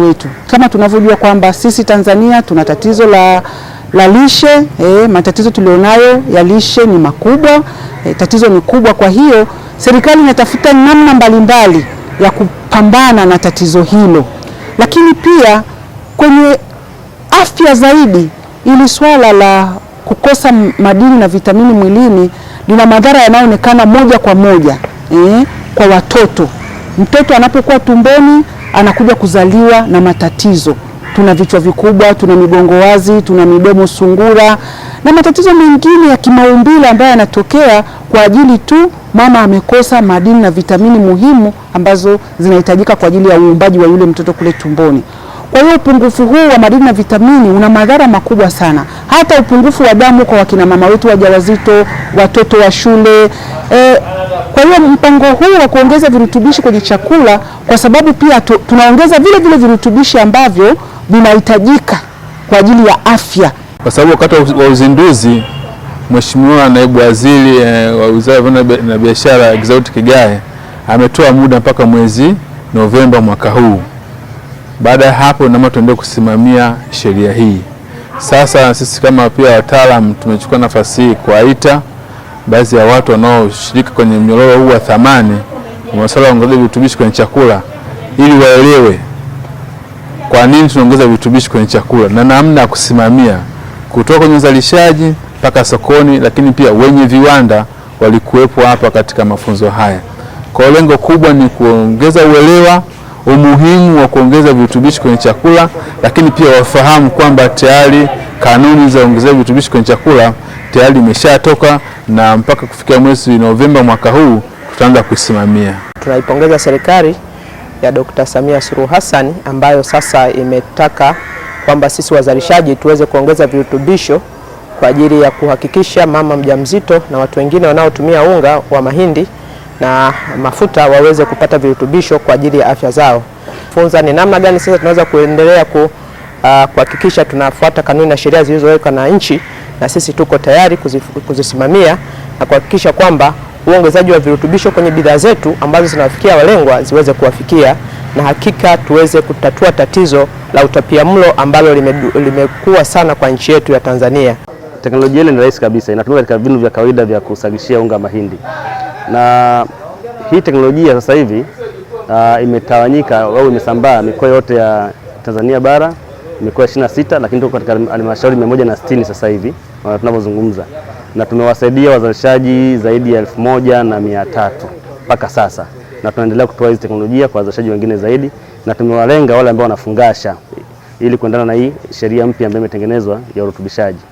wetu kama tunavyojua kwamba sisi Tanzania tuna tatizo la, la lishe eh, matatizo tulionayo ya lishe ni makubwa eh, tatizo ni kubwa. Kwa hiyo serikali inatafuta namna mbalimbali ya kupambana na tatizo hilo, lakini pia kwenye afya zaidi, ili swala la kukosa madini na vitamini mwilini lina madhara yanayoonekana moja kwa moja eh, kwa watoto. Mtoto anapokuwa tumboni anakuja kuzaliwa na matatizo. Tuna vichwa vikubwa, tuna migongo wazi, tuna midomo sungura na matatizo mengine ya kimaumbile ambayo yanatokea kwa ajili tu mama amekosa madini na vitamini muhimu ambazo zinahitajika kwa ajili ya uumbaji wa yule mtoto kule tumboni. Kwa hiyo upungufu huu wa madini na vitamini una madhara makubwa sana, hata upungufu wa damu kwa wakina mama wetu wajawazito, watoto wa shule eh, kwa hiyo mpango huu wa kuongeza virutubishi kwenye chakula, kwa sababu pia tu, tunaongeza vile vile virutubishi ambavyo vinahitajika kwa ajili ya afya, kwa sababu wakati wa uzinduzi Mheshimiwa Naibu Waziri eh, wa Wizara ya Viwanda na Biashara Exaud Kigae ametoa muda mpaka mwezi Novemba mwaka huu. Baada ya hapo, ndio tuendee kusimamia sheria hii. Sasa sisi kama pia wataalamu tumechukua nafasi hii kuwaita baadhi ya watu wanaoshiriki kwenye mnyororo huu wa thamani masuala ya kuongeza virutubishi kwenye chakula ili waelewe kwa nini tunaongeza virutubishi kwenye chakula na namna ya kusimamia kutoka kwenye uzalishaji mpaka sokoni, lakini pia wenye viwanda walikuwepo hapa katika mafunzo haya. Kwa lengo kubwa ni kuongeza uelewa umuhimu wa kuongeza virutubishi kwenye chakula, lakini pia wafahamu kwamba tayari kanuni za ongezea virutubishi kwenye chakula tayari imeshatoka na mpaka kufikia mwezi Novemba mwaka huu tutaanza kuisimamia. Tunaipongeza serikali ya Dkt. Samia Suluhu Hassan ambayo sasa imetaka kwamba sisi wazalishaji tuweze kuongeza virutubisho kwa ajili ya kuhakikisha mama mjamzito na watu wengine wanaotumia unga wa mahindi na mafuta waweze kupata virutubisho kwa ajili ya afya zao. Funza ni namna gani sasa tunaweza kuendelea uh, kuhakikisha tunafuata kanuni na sheria zilizowekwa na nchi na sisi tuko tayari kuzisimamia na kuhakikisha kwamba uongezaji wa virutubisho kwenye bidhaa zetu ambazo zinawafikia walengwa ziweze kuwafikia na hakika tuweze kutatua tatizo la utapiamlo ambalo limekuwa sana kwa nchi yetu ya Tanzania. Teknolojia ile ni rahisi kabisa, inatumika katika vinu vya kawaida vya kusagishia unga mahindi, na hii teknolojia sasa hivi uh, imetawanyika au imesambaa mikoa yote ya Tanzania bara mikoa sita lakini tuko katika halmashauri mia na 160 sasa hivi uh, tunavyozungumza na tumewasaidia wazalishaji zaidi ya elfu moja na mia tatu mpaka sasa, na tunaendelea kutoa hizi teknolojia kwa wazalishaji wengine zaidi, na tumewalenga wale ambao wanafungasha ili kuendana na hii sheria mpya ambayo imetengenezwa ya urutubishaji.